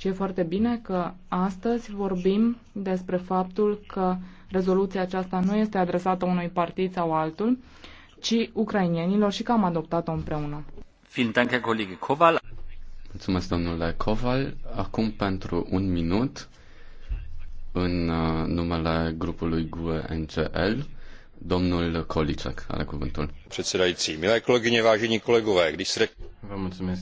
Și e foarte bine că astăzi vorbim despre faptul că rezoluția aceasta nu este adresată unui partid sau altul, ci ucrainienilor și că am adoptat-o împreună. Mulțumesc, domnule Coval. Acum, pentru un minut, în uh, numele grupului GUE-NGL, domnul Kolicek are cuvântul. Vă mulțumesc,